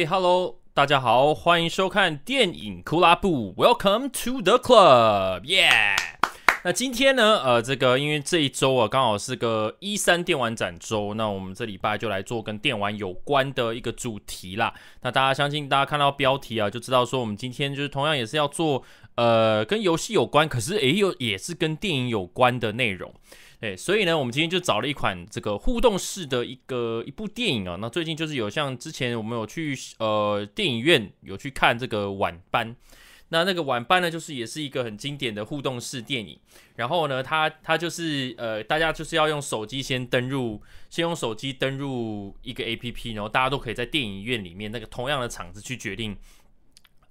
Hey, Hello, 大家好，歡迎收看電影酷拉部，Welcome to the club，耶、yeah！ 那今天呢，呃，這個因為這一周啊，剛好是個 E3 電玩展周，那我們這禮拜就來做跟電玩有關的一個主題啦。那大家相信大家看到標題啊，就知道說我們今天就是同樣也是要做，呃，跟遊戲有關，可是也有也是跟電影有關的內容。誒，所以呢，我們今天就找了一款這個互動式的一個一部電影啊，哦。那最近就是有像之前我們有去呃電影院有去看這個晚班，那那個晚班呢，就是也是一個很經典的互動式電影。然後呢，它它就是呃大家就是要用手機先登入，先用手機登入一個 APP，然後大家都可以在電影院裡面那個同樣的場子去決定。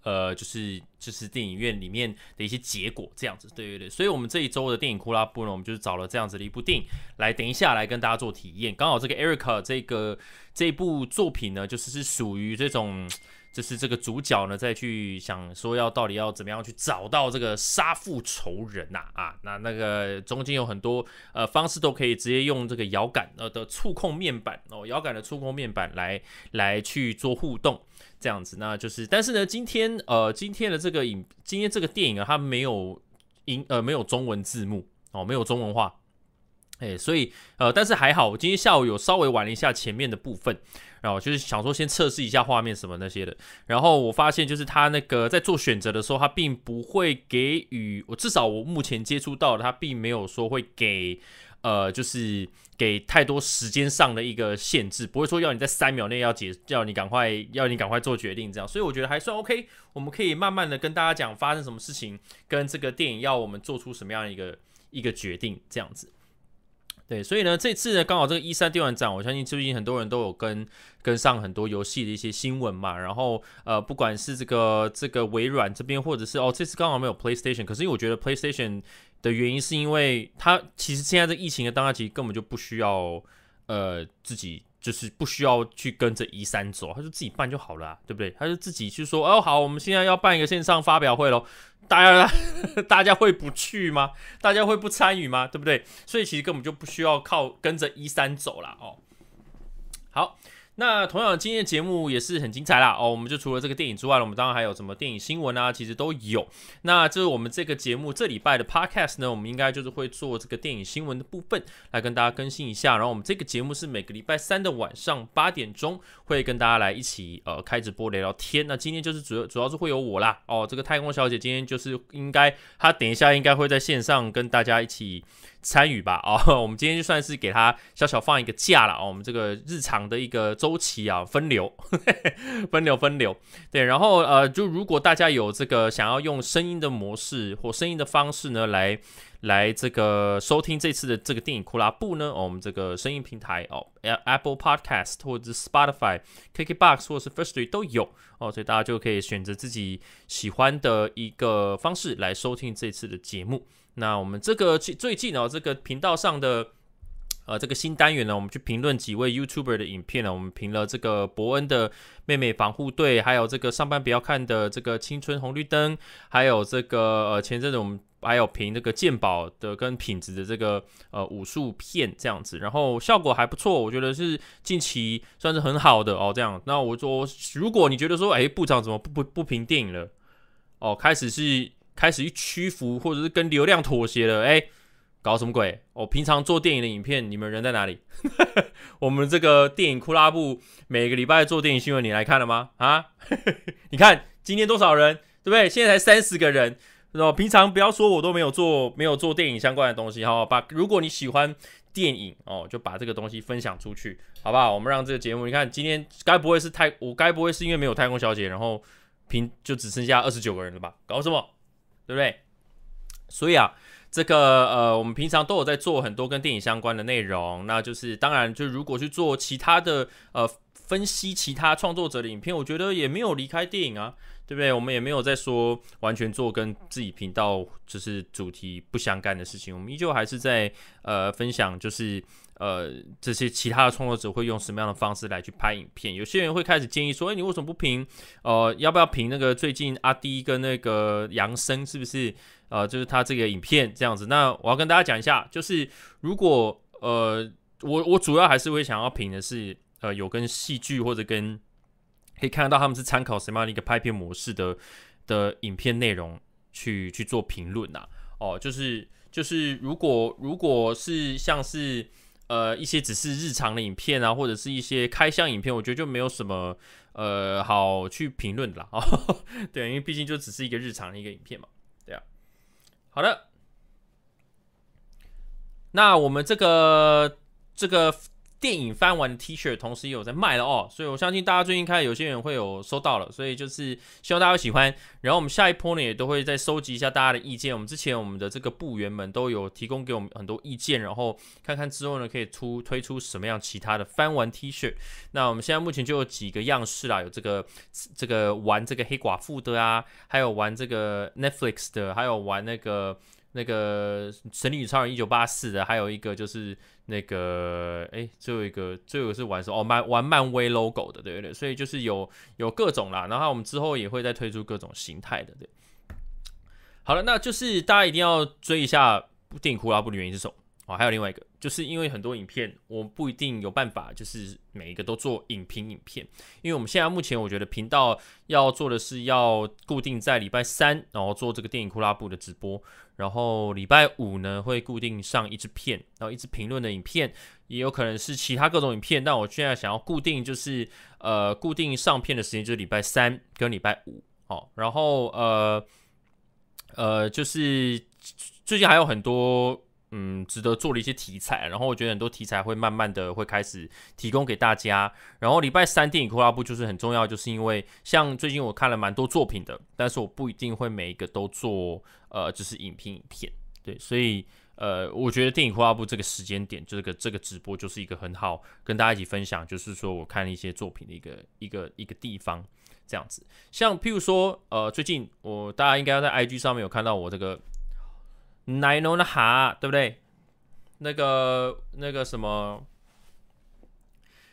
呃，就是就是電影院裡面的一些結果這樣子，對對對，所以我們這一周的電影酷拉部呢，我們就是找了這樣子的一部電影來，等一下來跟大家做體驗。剛好這個 Erica 這個這部作品呢，就是是屬於這種。就是這個主角呢，再去想說要到底要怎麼樣去找到這個殺父仇人吶啊？啊，那那個中間有很多呃方式都可以直接用這個搖桿呃的觸控面板哦，搖桿的觸控面板來來去做互動這樣子。那就是，但是呢，今天呃今天的這個影，今天這個電影啊，它沒有英呃沒有中文字幕哦，沒有中文化誒，哎。所以呃，但是還好，我今天下午有稍微玩了一下前面的部分。然後就是想說先測試一下畫面什麼那些的，然後我發現就是他那個在做選擇的時候，他並不會給予我，至少我目前接觸到的，他並沒有說會給，呃，就是給太多時間上的一個限制，不會說要你在三秒內要解，要你趕快，要你趕快做決定這樣，所以我覺得還算 OK，我們可以慢慢的跟大家講發生什麼事情，跟這個電影要我們做出什麼樣的一個一個決定這樣子。對，所以呢，這次呢，剛好這個 E3 電玩展，我相信最近很多人都有跟跟上很多遊戲的一些新聞嘛，然後呃，不管是這個這個微軟這邊，或者是哦，這次剛好沒有 PlayStation，可是因為我覺得 PlayStation 的原因，是因為它其實現在這疫情的當下，其實根本就不需要呃自己。就是不需要去跟着一三走，他就自己辦就好了啊，對不對？他就自己去說哦，好，我們現在要辦一個線上發表會嘍，大家大家會不去嗎？大家會不參與嗎？對不對？所以其實根本就不需要靠跟着一三走了哦。好。那同樣，今天的節目也是很精彩啦，哦，我們就除了這個電影之外呢，我們當然還有什麼電影新聞啊，其實都有。那就是我們這個節目這禮拜的 podcast 呢，我們應該就是會做這個電影新聞的部分來跟大家更新一下。然後我們這個節目是每個禮拜三的晚上八點鐘會跟大家來一起呃開直播聊聊天。那今天就是主要主要是會有我啦，哦，這個太空小姐今天就是應該她等一下應該會在線上跟大家一起參與吧，哦，我們今天就算是給他小小放一個假了哦，我們這個日常的一個週期啊，分流，呵呵分流，分流，對，然後呃，就如果大家有這個想要用聲音的模式或聲音的方式呢，來來這個收聽這次的這個電影酷拉部呢，哦，我們這個聲音平台哦，Apple Podcast 或者是 Spotify、KKBox 或者是 Firstory 都有哦，所以大家就可以選擇自己喜歡的一個方式來收聽這次的節目。那我們這個最最近哦，這個頻道上的呃這個新單元呢，我們去評論幾位 YouTuber 的影片呢，我們評了這個博恩的妹妹防護隊，還有這個上班不要看的這個青春紅綠燈，還有這個呃前陣子我們還有評這個鑑寶的跟品質的這個呃武術片這樣子，然後效果還不錯，我覺得是近期算是很好的哦。這樣，那我說如果你覺得說，哎，部長怎麼不不不評電影了？哦，開始是。開始去屈服，或者是跟流量妥協了？哎、欸，搞什麼鬼？我、哦、平常做電影的影片，你們人在哪裡？ 我們這個電影酷拉部每個禮拜做電影新聞，你來看了嗎？啊？ 你看今天多少人，對不對？現在才三十個人。平常不要說我都沒有做，沒有做電影相關的東西，好不好？如果你喜歡電影，哦，就把這個東西分享出去，好不好？我們讓這個節目，你看今天該不會是太，我該不會是因為沒有太空小姐，然後平就只剩下二十九個人了吧？搞什麼？對不對？所以啊，這個呃，我們平常都有在做很多跟電影相關的內容，那就是當然，就如果去做其他的呃，分析其他創作者的影片，我覺得也沒有離開電影啊。對不對？我們也沒有在說完全做跟自己頻道就是主題不相干的事情，我們依舊還是在呃分享，就是呃這些其他的創作者會用什麼樣的方式來去拍影片。有些人會開始建議說：“誒，你為什麼不評？呃，要不要評那個最近阿滴跟那個楊生是不是？呃，就是他這個影片這樣子？”那我要跟大家講一下，就是如果呃我我主要還是會想要評的是呃有跟戲劇或者跟。可以看得到他們是參考什麼樣的一個拍片模式的的影片內容去去做評論啦。哦，就是就是，如果如果是像是呃一些只是日常的影片啊，或者是一些開箱影片，我覺得就沒有什麼呃好去評論的啦哦，對，因為畢竟就只是一個日常的一個影片嘛。對啊。好的，那我們這個這個。電影翻玩 T 恤同時也有在賣了哦，所以我相信大家最近開始有些人會有收到了，所以就是希望大家喜歡。然後我們下一波呢也都會再收集一下大家的意見。我們之前我們的這個部員們都有提供給我們很多意見，然後看看之後呢可以出推出什麼樣其他的翻玩 T 恤。那我們現在目前就有幾個樣式啦，有這個這個玩這個黑寡婦的啊，還有玩這個 Netflix 的，還有玩那個。那個《神力女超人》一九八四的，還有一個就是那個，哎、欸，最後一個，最後是玩什麼？哦，漫玩,玩漫威 logo 的，對不對？所以就是有有各種啦，然後我們之後也會再推出各種形態的，對。好了，那就是大家一定要追一下電影酷拉部的原因是什麼？哦，還有另外一個，就是因為很多影片，我不一定有辦法，就是每一個都做影評影片，因為我們現在目前我覺得頻道要做的是要固定在禮拜三，然後做這個電影酷拉部的直播，然後禮拜五呢會固定上一支片，然後一支評論的影片，也有可能是其他各種影片。但我現在想要固定就是呃固定上片的時間就是禮拜三跟禮拜五，好，然後呃呃就是最近還有很多。嗯，值得做的一些題材，然後我覺得很多題材會慢慢的會開始提供給大家。然後禮拜三電影酷拉部就是很重要，就是因為像最近我看了蠻多作品的，但是我不一定會每一個都做，呃，就是影評影片。對，所以呃，我覺得電影酷拉部這個時間點，這個這個直播就是一個很好跟大家一起分享，就是說我看一些作品的一個一個一個地方這樣子。像譬如說，呃，最近我大家應該要在 IG 上面有看到我這個。奶農的哈，half，對不對？那個那個什麼，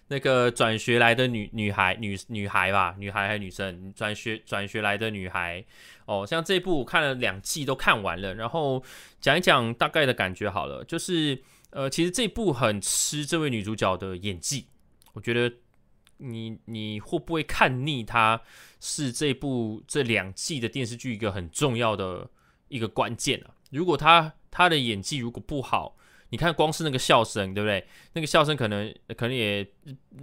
那個轉學來的女女孩女女孩吧，女孩還是女生？轉學轉學來的女孩哦，像這部我看了兩季都看完了，然後講一講大概的感覺好了。就是呃，其實這部很吃這位女主角的演技，我覺得你你會不會看膩她，是這部這兩季的電視劇一個很重要的一個關鍵啊。如果他他的演技如果不好，你看光是那個笑聲，對不對？那個笑聲可能可能也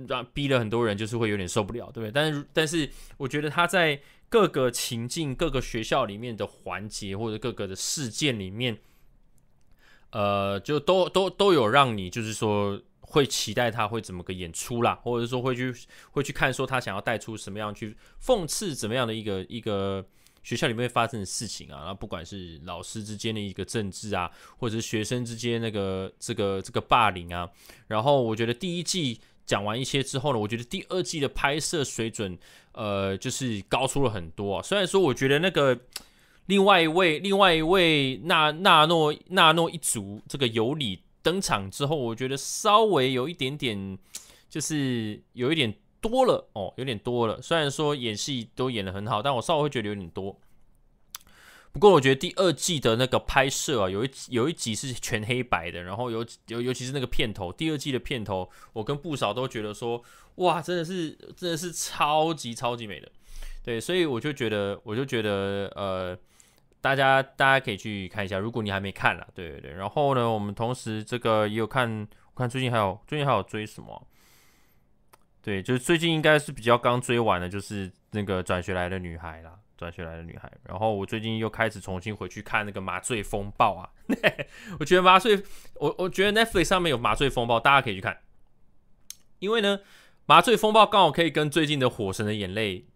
讓逼了很多人，就是會有點受不了，對不對？但是但是我覺得他在各個情境，各個學校裡面的環節或者各個的事件裡面，呃，就都都都有讓你就是說會期待他會怎麼個演出啦，或者說會去會去看說他想要帶出什麼樣去諷刺怎麼樣的一個一個。學校裡面發生的事情啊，那不管是老師之間的一個政治啊，或者是學生之間那個這個這個霸凌啊，然後我覺得第一季講完一些之後呢，我覺得第二季的拍攝水準，呃，就是高出了很多啊。雖然說我覺得那個另外一位另外一位納納諾納諾一族這個尤里登場之後，我覺得稍微有一點點，就是有一點。多了哦，有點多了。雖然說演戲都演得很好，但我稍微會覺得有點多。不過我覺得第二季的那個拍攝啊，有一有一集是全黑白的，然後有有尤其是那個片頭，第二季的片頭，我跟不少都覺得說，哇，真的是真的是超級超級美的。對，所以我就覺得我就覺得呃，大家大家可以去看一下，如果你還沒看了，對對對。然後呢，我們同時這個也有看，我看最近還有最近還有追什麼？對，就是最近應該是比較剛追完的，就是那個轉學來的女孩啦，轉學來的女孩。然後我最近又開始重新回去看那個《麻醉風暴》啊， 我覺得麻醉，我我覺得 Netflix 上面有《麻醉風暴》，大家可以去看。因為呢，《麻醉風暴》剛好可以跟最近的《火神的眼淚》。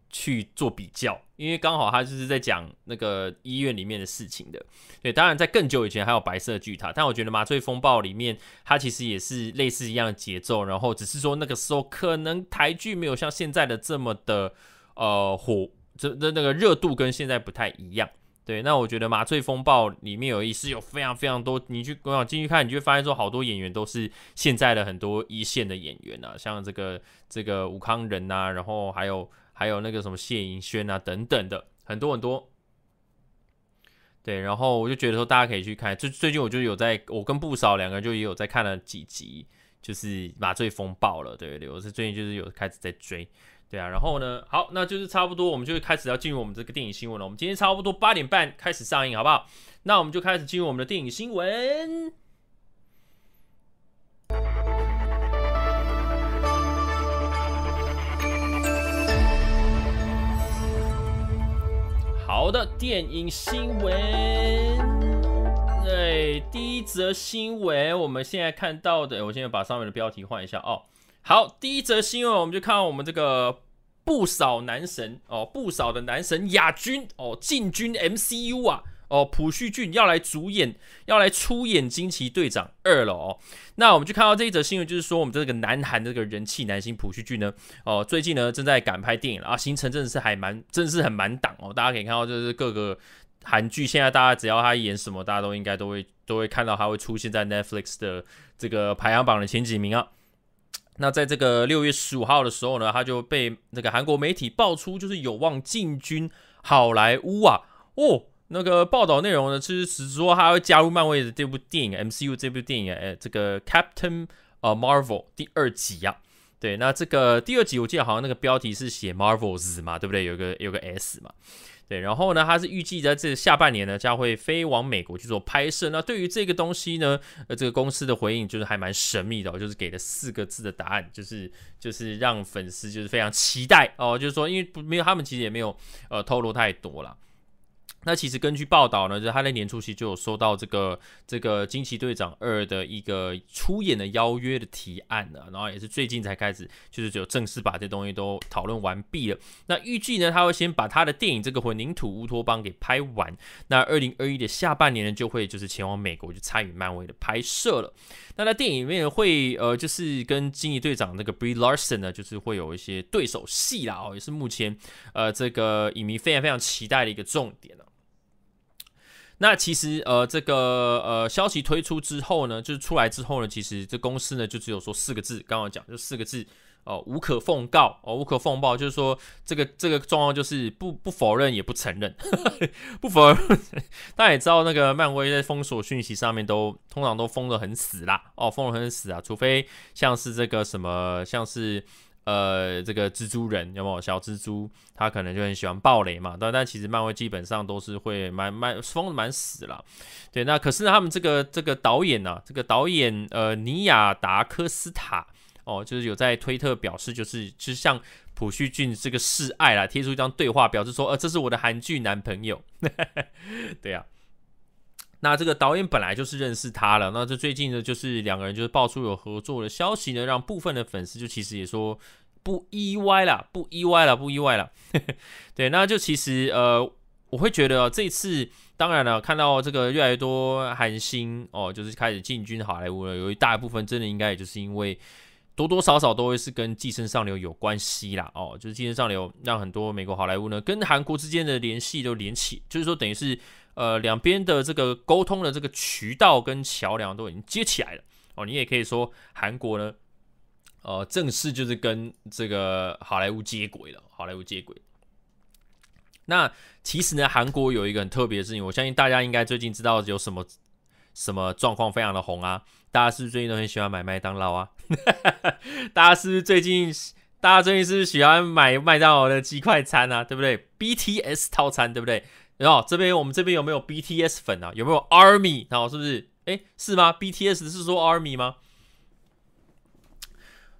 去做比較，因為剛好他就是在講那個醫院裡面的事情的。對，當然在更久以前還有白色巨塔，但我覺得《麻醉風暴》裡面它其實也是類似一樣的節奏，然後只是說那個時候可能台劇沒有像現在的這麼的呃火，這那那個熱度跟現在不太一樣。對，那我覺得《麻醉風暴》裡面有一是有非常非常多，你去我想進去看，你就會發現說好多演員都是現在的很多一線的演員啊，像這個這個吳慷仁啊，然後還有。還有那個什麼謝盈萱啊等等的很多很多，對，然後我就覺得說大家可以去看，最最近我就有在我跟不少兩個人就也有在看了幾集，就是《麻醉風暴》了，對對，我是最近就是有開始在追，對啊，然後呢，好，那就是差不多我們就開始要進入我們這個電影新聞了，我們今天差不多八點半開始上映，好不好？那我們就開始進入我們的電影新聞。 好的，電影新聞。哎，第一則新聞，我們現在看到的，我現在把上面的標題換一下哦。好，第一則新聞，我們就看到我們這個不少男神哦，不少的男神亞軍哦，進軍 MCU 啊。哦，朴敘俊要來主演，要來出演《驚奇隊長二》了哦。那我們就看到這一則新聞，就是說我們這個南韓這個人氣男星朴敘俊呢，哦，最近呢正在趕拍電影了啊，行程真的是還蠻，真的是很滿檔哦。大家可以看到，就是各個韓劇現在大家只要他演什麼，大家都應該都會都會看到他會出現在 Netflix 的這個排行榜的前幾名啊。那在這個六月十五號的時候呢，他就被那個韓國媒體爆出，就是有望進軍好萊塢啊，哦。那個報道內容呢，其實只說他會加入漫威的這部電影，MCU 這部電影，哎，這個 Captain 呃 Marvel 第二集呀、啊。對，那這個第二集我記得好像那個標題是寫 Marvels 嘛，對不對？有個有個 S 嘛。對，然後呢，他是預計在這下半年呢將會飛往美國去做拍攝。那對於這個東西呢，呃，這個公司的回應就是還蠻神秘的、哦，就是給了四個字的答案，就是就是讓粉絲就是非常期待哦，就是說因為不沒有他們其實也沒有呃透露太多啦。那其實根據報道呢，就是他在年初期就有收到這個這個驚奇隊長二的一個出演的邀約的提案了，然後也是最近才開始，就是就正式把這東西都討論完畢了。那預計呢，他會先把他的電影《這個混凝土烏托邦》給拍完，那二零二一的下半年呢，就會就是前往美國就參與漫威的拍攝了。那在電影裡面會呃，就是跟驚奇隊長那個 Brie Larson 呢，就是會有一些對手戲啦哦，也是目前呃這個影迷非常非常期待的一個重點了啊。那其實呃，這個呃消息，推出之後呢，就是出來之後呢，其實這公司呢就只有說四個字，剛剛講就四個字哦、呃，無可奉告哦，無可奉告，就是說這個這個狀況就是不不否認也不承認，呵呵不否認。大家也知道那個漫威在封鎖訊息上面都通常都封得很死啦，哦，封得很死啊，除非像是這個什麼像是。呃，這個蜘蛛人有沒有小蜘蛛？他可能就很喜歡暴雷嘛。但但其實漫威基本上都是會蠻蠻封的蠻死了。對，那可是他們這個這個導演呢？這個導演，啊這個，導演呃，尼亞達科斯塔哦，就是有在推特表示、就是，就是就像朴敘俊這個示愛啦，貼出一張對話表示說，呃，這是我的韓劇男朋友。 對啊。那這個導演本來就是認識他了，那這最近呢就是兩個人就是爆出有合作的消息呢，讓部分的粉絲就其實也說不意外了，不意外了，不意外了。 對，那就其實呃，我會覺得、哦、這一次當然了，看到這個越來越多韓星哦，就是開始進軍好萊塢了，有一大部分真的應該也就是因為多多少少都會是跟《寄生上流》有關係啦，哦，就是《寄生上流》讓很多美國好萊塢呢跟韓國之間的聯繫都連起，就是說等於是。呃，兩邊的這個溝通的這個渠道跟橋梁都已經接起來了哦。你也可以說，韓國呢，呃，正式就是跟這個好萊塢接軌了。好萊塢接軌。那其實呢，韓國有一個很特別的事情，我相信大家應該最近知道有什麼什麼狀況非常的紅啊。大家是不是最近都很喜歡買麥當勞啊？ 大家是不是最近大家最近是不是喜歡買麥當勞的雞塊餐啊？對不對？BTS 套餐對不對？然後這邊我們這邊有沒有 BTS 粉啊？有沒有 ARMY？然後是不是？哎，是嗎？BTS 是說 ARMY 嗎？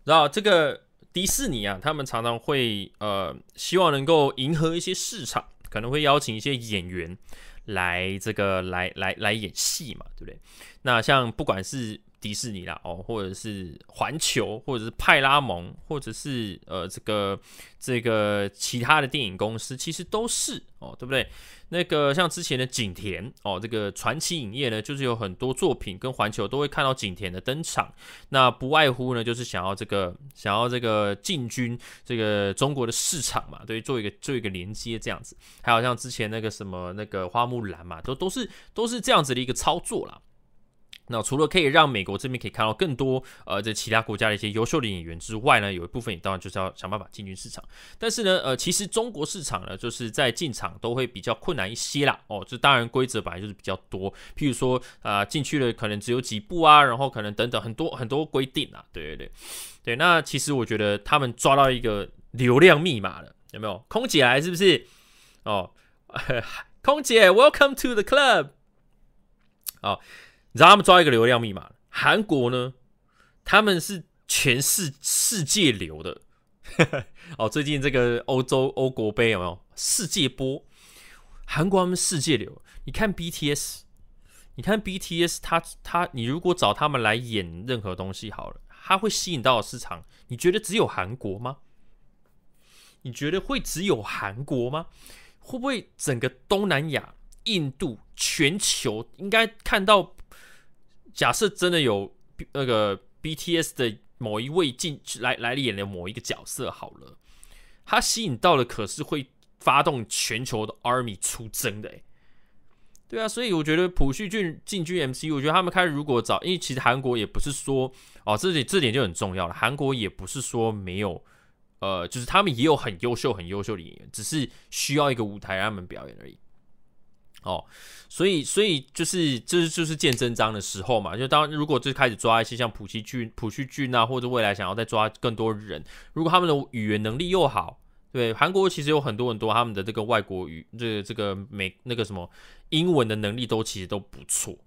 然後這個迪士尼啊，他們常常會呃，希望能夠迎合一些市場，可能會邀請一些演員來這個來來來演戲嘛，對不對？那像不管是。迪士尼啦，哦，或者是環球，或者是派拉蒙，或者是呃，這個這個其他的電影公司，其實都是哦，對不對？那個像之前的景甜哦，這個傳奇影業呢，就是有很多作品跟環球都會看到景甜的登場，那不外乎呢就是想要這個想要這個進軍這個中國的市場嘛，對，做一個做一個連接這樣子。還有像之前那個什麼那個花木蘭嘛，都都是都是這樣子的一個操作啦。那除了可以讓美國這邊可以看到更多，呃，在其他國家的一些優秀的演員之外呢，有一部分也當然就是要想辦法進軍市場。但是呢，呃，其實中國市場呢，就是在進場都會比較困難一些啦。哦，這當然規則本來就是比較多，譬如說，啊、呃，進去了可能只有幾部啊，然後可能等等很多很多規定啊。對對對，對。那其實我覺得他們抓到一個流量密碼了，有沒有？空姐來是不是？哦， 空姐，Welcome to the club。哦。你知道他們抓一個流量密碼？韓國呢？他們是全是世界流的。呵呵哦，最近這個歐洲歐國盃有沒有世界波？韓國他們世界流。你看 BTS，你看 BTS，他他，你如果找他們來演任何東西好了，他會吸引到市場。你覺得只有韓國嗎？你覺得會只有韓國嗎？會不會整個東南亞、印度、全球應該看到？假設真的有那個 BTS 的某一位進去來來演的某一個角色好了，他吸引到了，可是會發動全球的 Army 出征的、欸。對啊，所以我覺得朴敘俊進軍 MC，我覺得他們開始如果找，因為其實韓國也不是說哦，這點這點就很重要了。韓國也不是說沒有，呃，就是他們也有很優秀很優秀的演員，只是需要一個舞台讓他們表演而已。哦，所以所以就是這就是見真章的時候嘛，就當如果最開始抓一些像普希俊普希俊啊，或者未來想要再抓更多人，如果他們的語言能力又好，對，韓國其實有很多很多他們的這個外國語，這個、這個美那個什麼英文的能力都其實都不錯。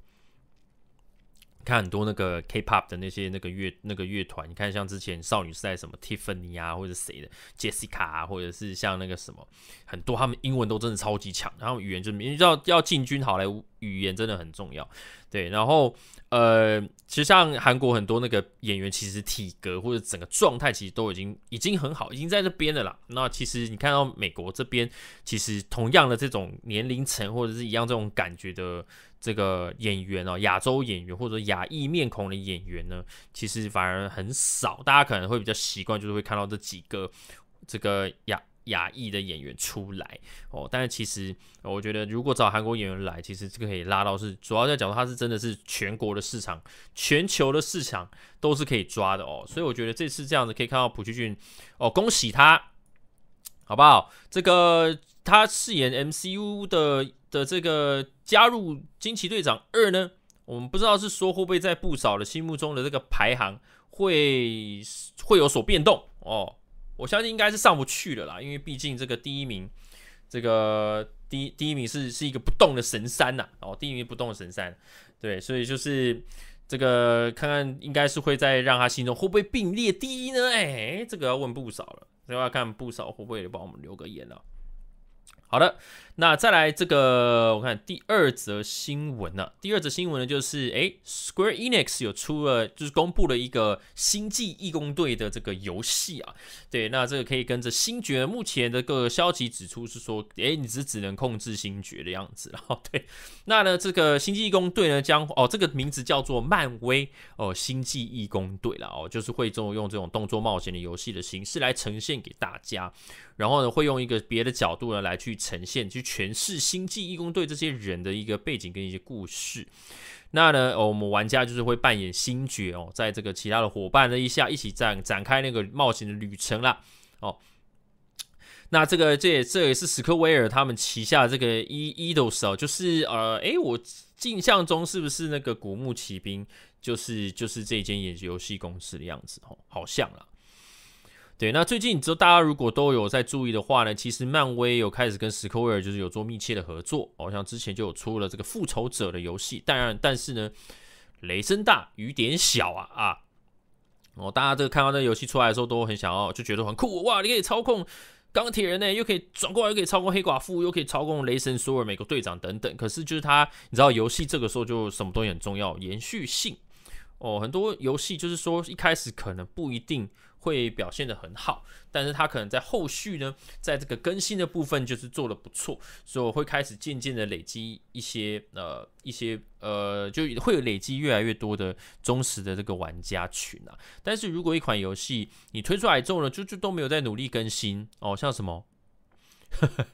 看很多那個 K-pop 的那些那個樂那個樂團，你看像之前少女時代什麼 Tiffany 啊，或者誰的 Jessica 啊，或者是像那個什麼，很多他們英文都真的超級強，然後語言就明要要進軍好萊塢。語言真的很重要，對。然後，呃，其實像韓國很多那個演員，其實體格或者整個狀態其實都已經已經很好，已經在這邊的啦。那其實你看到美國這邊，其實同樣的這種年齡層或者是一樣這種感覺的這個演員哦、喔，亞洲演員或者亞裔面孔的演員呢，其實反而很少。大家可能會比較習慣，就是會看到這幾個這個亞。亞裔的演員出來哦，但是其實、哦、我覺得，如果找韓國演員來，其實這個可以拉到是主要在講說他是真的是全國的市場、全球的市場都是可以抓的哦，所以我覺得這次這樣子可以看到朴敘俊哦，恭喜他，好不好？這個他飾演 MCU 的的這個加入驚奇隊長二呢，我們不知道是說會不會在不少的心目中的這個排行，會會有所變動哦。我相信應該是上不去的啦，因為畢竟這個第一名，這個第一第一名是是一個不動的神山吶、啊，哦，第一名不動的神山，對，所以就是這個看看應該是會在讓他心中會不會並列第一呢？哎、欸，這個要問部員了，這個要看部員，會不會幫我們留個言呢、啊？好的。那再來這個，我看第二則新聞呢。第二則新聞呢，就是哎、欸、，Square Enix 有出了，就是公布了一個《星際異攻隊》的這個遊戲啊。對，那這個可以跟着星爵。目前這個消息指出是說，哎，你只只能控制星爵的樣子。然後對，那呢，這個《星際異攻隊》呢，將哦，這個名字叫做漫威哦，《星際異攻隊》了哦，就是會做用這種動作冒險的遊戲的形式來呈現給大家，然後呢，會用一個別的角度呢來去呈現去。全是《星際異攻隊》這些人的一個背景，跟一些故事。那呢、哦，我們玩家就是會扮演星爵哦，在這個其他的夥伴的一下一起展展開那個冒險的旅程啦。哦。那這個這這也是史克威爾他們旗下的這個 E、Eidos 哦，就是呃，哎、欸，我印象中是不是那個古墓奇兵，就是，就是就是這間演遊戲公司的樣子哦，好像啦。對，那最近你知道大家如果都有在注意的話呢，其實漫威有開始跟 Square 就是有做密切的合作，好、哦、像之前就有出了這個復仇者的遊戲，當然，但是呢，雷聲大雨點小啊啊，哦，大家這個看到這個遊戲出來的時候都很想要，就覺得很酷哇，你可以操控鋼鐵人呢，又可以轉過來，又可以操控黑寡婦，又可以操控雷神索爾、美國隊長等等，可是就是他，你知道遊戲這個時候就什麼東西很重要，延續性哦，很多遊戲就是說一開始可能不一定。會表現的很好，但是它，可能在後續呢，在這個更新的部分就是做的不錯，所以我會開始漸漸的累積一些呃一些呃，就會有累積越來越多的忠實的這個玩家群，啊。但是如果一款遊戲你推出來之後呢，就就都沒有在努力更新哦，像什麼，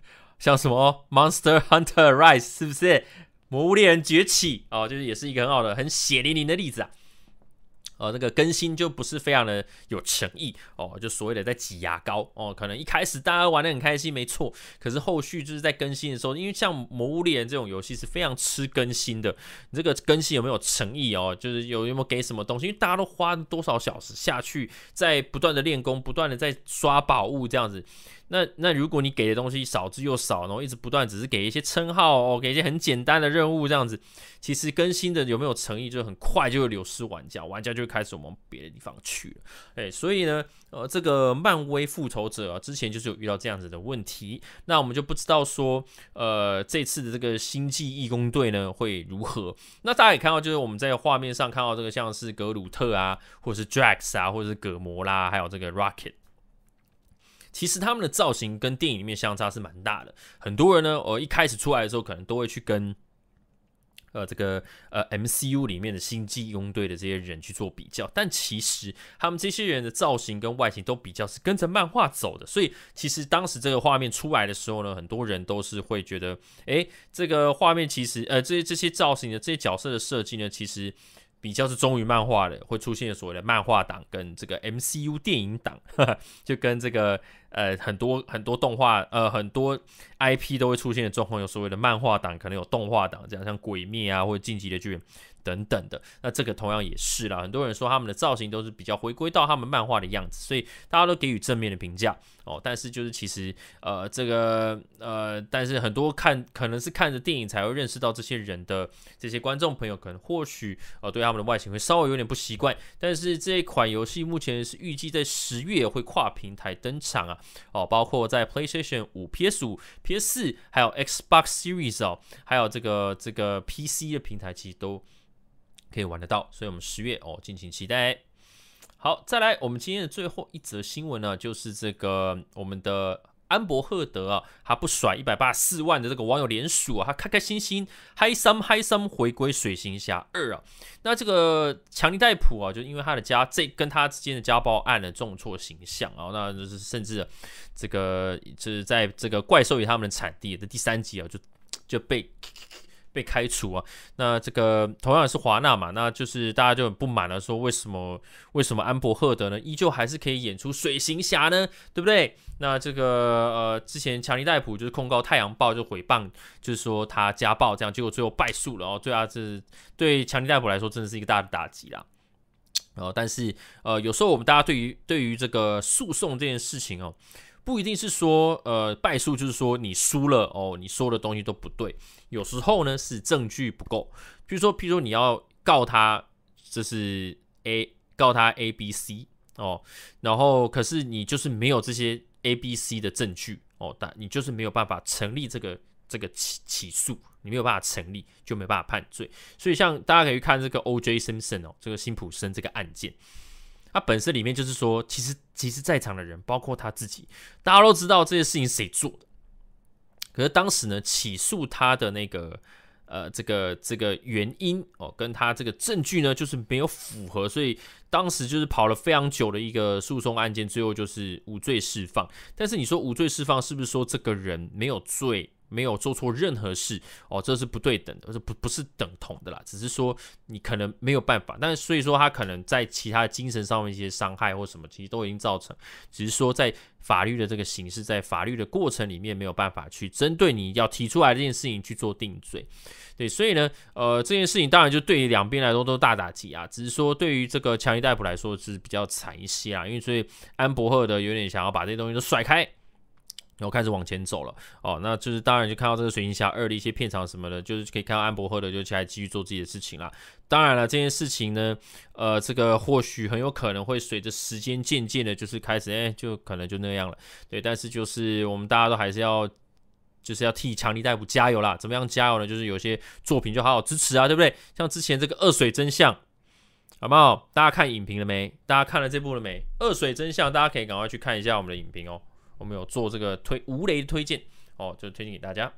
像什麼 Monster Hunter Rise 是不是？魔物獵人崛起哦，就是也是一個很好的很血淋淋的例子啊。呃、哦，那個更新就不是非常的有誠意哦，就所謂的在擠牙膏哦，可能一開始大家玩得很開心，沒錯，可是後續就是在更新的時候，因為像《魔物獵人》這種遊戲是非常吃更新的，你這個更新有沒有誠意哦？就是有有沒有給什麼東西？因為大家都花多少小時下去，在不斷的練功，不斷的在刷寶物這樣子。那那如果你給的東西少之又少，然後一直不斷只是給一些稱號哦，給一些很簡單的任務這樣子，其實更新的有沒有誠意，就很快就會流失玩家，玩家就會開始往別的地方去了。誒、欸，所以呢，呃，這個漫威復仇者、啊、之前就是有遇到這樣子的問題，那我們就不知道說，呃，這次的這個星際異攻隊呢會如何？那大家也看到，就是我們在畫面上看到這個像是格魯特啊，或者是 Drax 啊，或者是葛摩拉，還有這個 Rocket。其實他們的造型跟電影裡面相差是蠻大的。很多人呢，我、哦、一開始出來的時候，可能都會去跟，呃，這個呃，MCU 裡面的星際異攻隊的這些人去做比較。但其實他們這些人的造型跟外形都比較是跟着漫畫走的。所以其實當時這個畫面出來的時候呢，很多人都是會覺得，誒、欸，這個畫面其實，呃，這些這些造型的這些角色的設計呢，其實比較是忠於漫畫的。會出現的所謂的漫畫黨跟這個 MCU 電影黨， 就跟這個。呃，很多很多動畫，呃，很多 IP 都會出現的狀況，有所謂的漫畫黨，可能有動畫黨這樣，像《鬼滅》啊，或者《進擊的巨人》等等的，那這個同樣也是啦。很多人說他們的造型都是比較回歸到他們漫畫的樣子，所以大家都給予正面的評價哦。但是就是其實，呃，這個，呃，但是很多看可能是看着電影才會認識到這些人的這些觀眾朋友，可能或許呃對他們的外形會稍微有點不習慣。但是這一款遊戲目前是預計在十月會跨平台登場啊。哦，包括在 PlayStation 五、PS 五、PS 四，還有 Xbox Series 哦，還有這個這個 PC 的平台，其實都可以玩得到。所以，我們十月哦，敬請期待。好，再來，我們今天的最後一則新聞呢，就是這個我們的。安伯赫德啊，他不甩一百八十四萬的這個網友連署啊，他開開心心嗨森嗨森回歸《水行俠二》啊，那這個強尼戴普啊，就因為他的家這跟他之間的家暴案的重挫形象啊，那就是甚至這個就是在這個《怪獸與他們的產地》的第三集啊，就就被。被開除啊，那這個同樣是華納嘛，那就是大家就很不滿了，說為什麼為什麼安伯赫德呢，依舊還是可以演出水行俠呢，對不對？那這個呃，之前強尼戴普就是控告《太陽報》就誹謗，就是說他家暴這樣，結果最後敗訴了哦，對啊，這對強尼戴普來說真的是一個大的打擊啦，然後、呃、但是呃，有時候我們大家對於對於這個訴訟這件事情哦。不一定是說，呃，敗訴就是說你輸了哦，你說的東西都不對。有時候呢是證據不夠，譬如說，譬如說你要告他，這是 A 告他 A B C 哦,然後可是你就是沒有這些 A B C 的證據哦，但你就是沒有辦法成立這個這個起起訴，你沒有辦法成立，就沒辦法判罪。所以像大家可以去看這個 O J Simpson 哦，這個辛普森這個案件。他本身裡面就是說，其實其實在場的人，包括他自己，大家都知道這些事情誰做的。可是當時呢，起訴他的那個呃這個這個原因哦，跟他這個證據呢就是沒有符合，所以當時就是跑了非常久的一個訴訟案件，最後就是無罪釋放。但是你說無罪釋放是不是說這個人沒有罪？沒有做錯任何事哦，這是不對等的，或不不是等同的啦，只是說你可能沒有辦法，但是所以說他可能在其他精神上面一些傷害或什麼，其實都已經造成，只是說在法律的這個形式，在法律的過程裡面沒有辦法去針對你要提出來的這件事情去做定罪，對，所以呢，呃，這件事情當然就對於兩邊來說都大打擊啊，只是說對於這個強尼戴普來說是比較慘一些啊，因為所以安柏赫德有點想要把這些東西都甩開。然後開始往前走了哦，那就是當然就看到這個《水行俠二》的一些片場什麼的，就是可以看到安柏赫德的就起來繼續做自己的事情啦。當然了，這件事情呢，呃，這個或許很有可能會隨着時間漸漸的，就是開始哎、欸，就可能就那樣了。對，但是就是我們大家都還是要，就是要替強尼戴普加油啦。怎麼樣加油呢？就是有些作品就好好支持啊，對不對？像之前這個《惡水真相》，好不好？大家看影評了沒？大家看了這部了沒？《惡水真相》，大家可以趕快去看一下我們的影評哦。我們有做這個推無雷的推薦哦，就推薦給大家。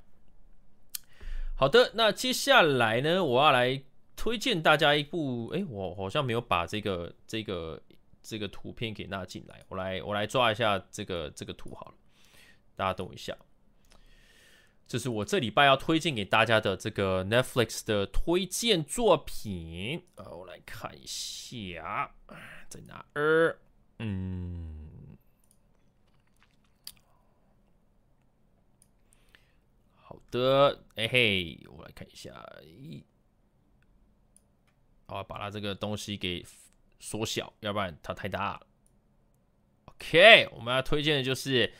好的，那接下來呢，我要來推薦大家一部，哎，我好像沒有把這個、這個、這個圖片給納進來，我來、我來抓一下這個、這個圖好了，大家等一下。這是我這禮拜要推薦給大家的這個 Netflix 的推薦作品啊，我來看一下，在哪兒？嗯。好的，哎、欸、嘿，我來看一下，一，好，把它這個東西給縮小，要不然它太大了。OK，我們要推薦的就是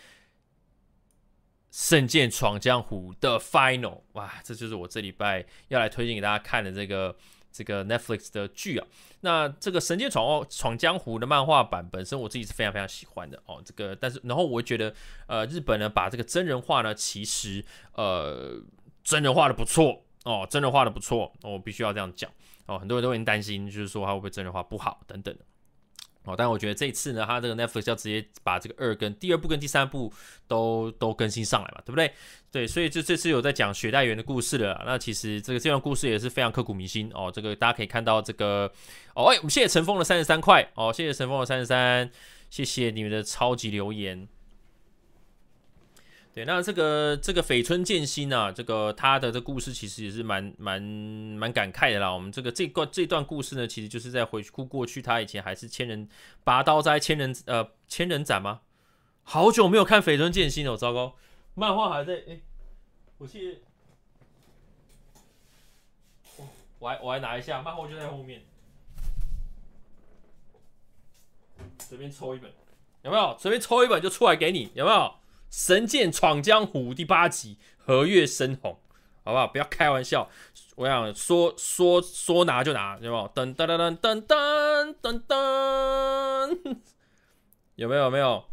《聖劍闖江湖》的 Final，哇，這就是我這禮拜要來推薦給大家看的這個。這個 Netflix 的劇啊，那這個神劍《神劍闖，哦，闖江湖》的漫畫版本身我自己是非常非常喜歡的哦。這個，但是然後我會覺得，呃，日本呢把這個真人化呢，其實呃，真人化的不錯哦，真人化的不錯，哦，我必須要這樣講哦。很多人都會擔心，就是說它會不會真人化不好等等的。但我覺得這一次呢，他這個 Netflix 要直接把這個二跟第二部跟第三部都都更新上來嘛，對不對？對，所以這這次有在講雪代緣的故事了。那其實這個這段故事也是非常刻骨銘心哦。這個大家可以看到這個，哦哎，我們謝謝塵封的三十三塊哦，謝謝塵封的三十三，謝謝你們的超級留言。對，那這個這個緋村劍心呢？這個、啊這個、他的這個、故事其實也是蠻蠻蠻感慨的啦。我們這個這個這段故事呢，其實就是在回顧過去，他以前還是千人拔刀齋、千人呃千人斬嗎？好久沒有看緋村劍心了，我糟糕，漫畫還在。哎，我去、哦。我我來我還拿一下漫畫就在後面，隨便抽一本，有沒有？隨便抽一本就出來給你，有沒有？《神劍闖江湖》第八集《和月伸宏》，好不好？不要開玩笑，我想說說說拿就拿，有沒有？噔噔噔噔噔噔噔，有沒有？有沒有。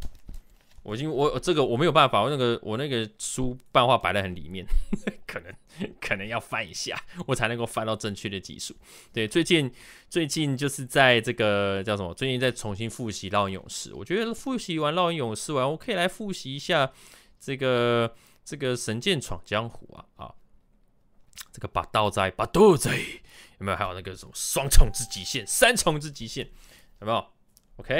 我已經我這個我沒有辦法我那個我那個書辦法擺在很裡面，呵呵可能可能要翻一下，我才能夠翻到正確的技術。對，最近最近就是在這個叫什麼？最近在重新複習《烙印勇士》，我覺得複習完《烙印勇士》完，我可以來複習一下這個這個《神劍闖江湖》啊啊啊！這個拔刀齋拔刀齋有沒有？還有那個什麼雙重之極限、三重之極限有沒有？OK，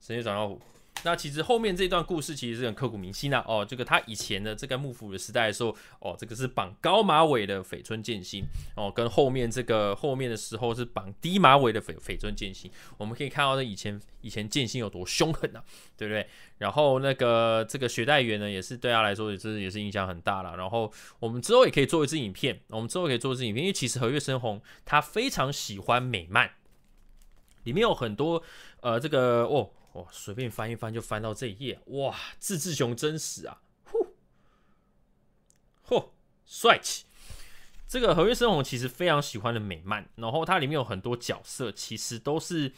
神《神劍闖江湖》。那其實後面這段故事其實是很刻骨銘心啊！哦，這個他以前的這個幕府的時代的時候，哦，這個是綁高馬尾的緋村劍心，哦，跟後面這個後面的時候是綁低馬尾的緋緋村劍心。我們可以看到，他以前以前劍心有多凶狠啊，對不對？然後那個這個雪代緣呢，也是對他來說也是也是影響很大了。然後我們之後也可以做一支影片，我們之後也可以做一支影片，因為其實和月伸宏他非常喜歡美漫，裡面有很多呃這個哦。哇，隨便翻一翻就翻到這一頁，哇！志志雄真實啊，呼，嚯，帥氣！這個《合約生魂》其實非常喜歡的美漫，然後它裡面有很多角色，其實都是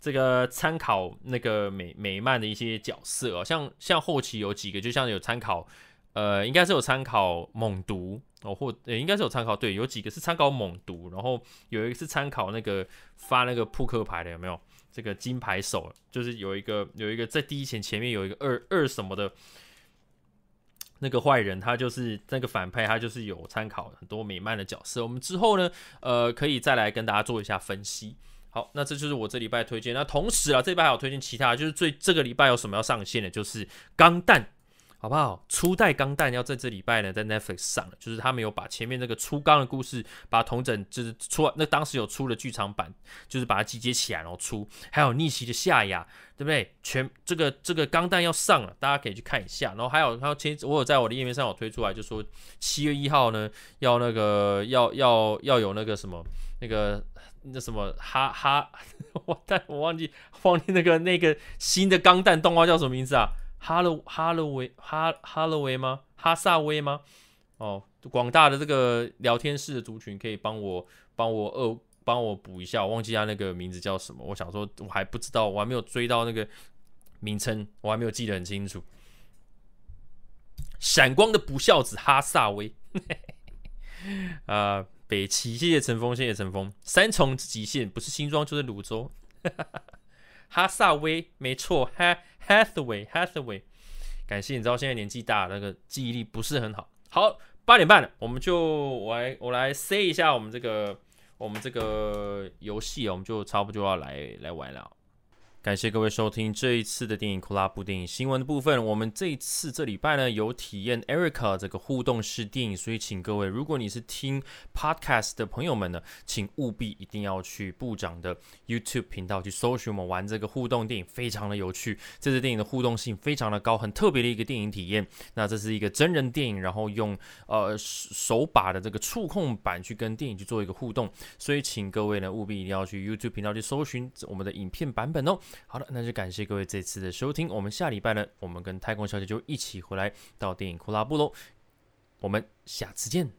這個參考那個美美漫的一些角色，啊，像像後期有幾個，就像有參考，呃，應該是有參考猛毒哦，或，欸、應該是有參考，對，有幾個是參考猛毒，然後有一個是參考那個發那個撲克牌的，有沒有？那個金牌手，就是有一個有一個在第一前前面有一個二二什麼的，那個壞人，他就是那個反派，他就是有參考很多美漫的角色。我們之後呢，呃，可以再來跟大家做一下分析。好，那這就是我這禮拜推薦。那同時啊，這禮拜還有推薦其他，就是最這個禮拜有什麼要上線的，就是《鋼彈》。好不好？初代鋼彈要在這禮拜呢，在 Netflix 上了，就是他們有把前面那個初鋼的故事，把同整就是出那當時有出的劇場版，就是把它集結起來然後出，還有逆襲的夏亞，對不對？全這個這個鋼彈要上了，大家可以去看一下。然後還有還前我有在我的頁面上有推出來，就說七月一號呢要那個要要要有那個什麼那個那什麼哈哈，我但我忘記忘記，忘記那個那個新的鋼彈動畫叫什麼名字啊？哈嘍哈嘍喂哈哈嘍喂嗎？哈薩威嗎？哦，廣大的這個聊天室的族群，可以幫我幫我呃幫我補一下，我忘記他那個名字叫什麼？我想說，我還不知道，我還沒有追到那個名稱，我還沒有記得很清楚。閃光的不孝子哈薩威，啊、 呃，北齊，謝謝乘風，謝謝乘風，三重極限不是新莊，就是蘆洲。哈哈哈哈薩威，沒錯，哈，哈薩威，哈薩威，感謝，你知道現在年紀大，那個記憶力不是很好。好，八點半了，我們就我來我來 say 一下我們這個我們這個遊戲，我們就差不多要來來玩了。感謝各位收聽這一次的電影酷拉部電影新聞的部分。我們這一次這禮拜呢，有體驗 Erica 這個互動式電影，所以請各位，如果你是聽 Podcast 的朋友們呢，請務必一定要去部長的 YouTube 頻道去搜尋我們玩這個互動電影，非常的有趣。這支電影的互動性非常的高，很特別的一個電影體驗。那這是一個真人電影，然後用呃手把的這個觸控板去跟電影去做一個互動，所以請各位呢務必一定要去 YouTube 頻道去搜尋我們的影片版本哦。好的，那就感謝各位這次的收聽。我們下禮拜呢，我們跟太空小姐就一起回來到電影酷拉部嘍。我們下次見。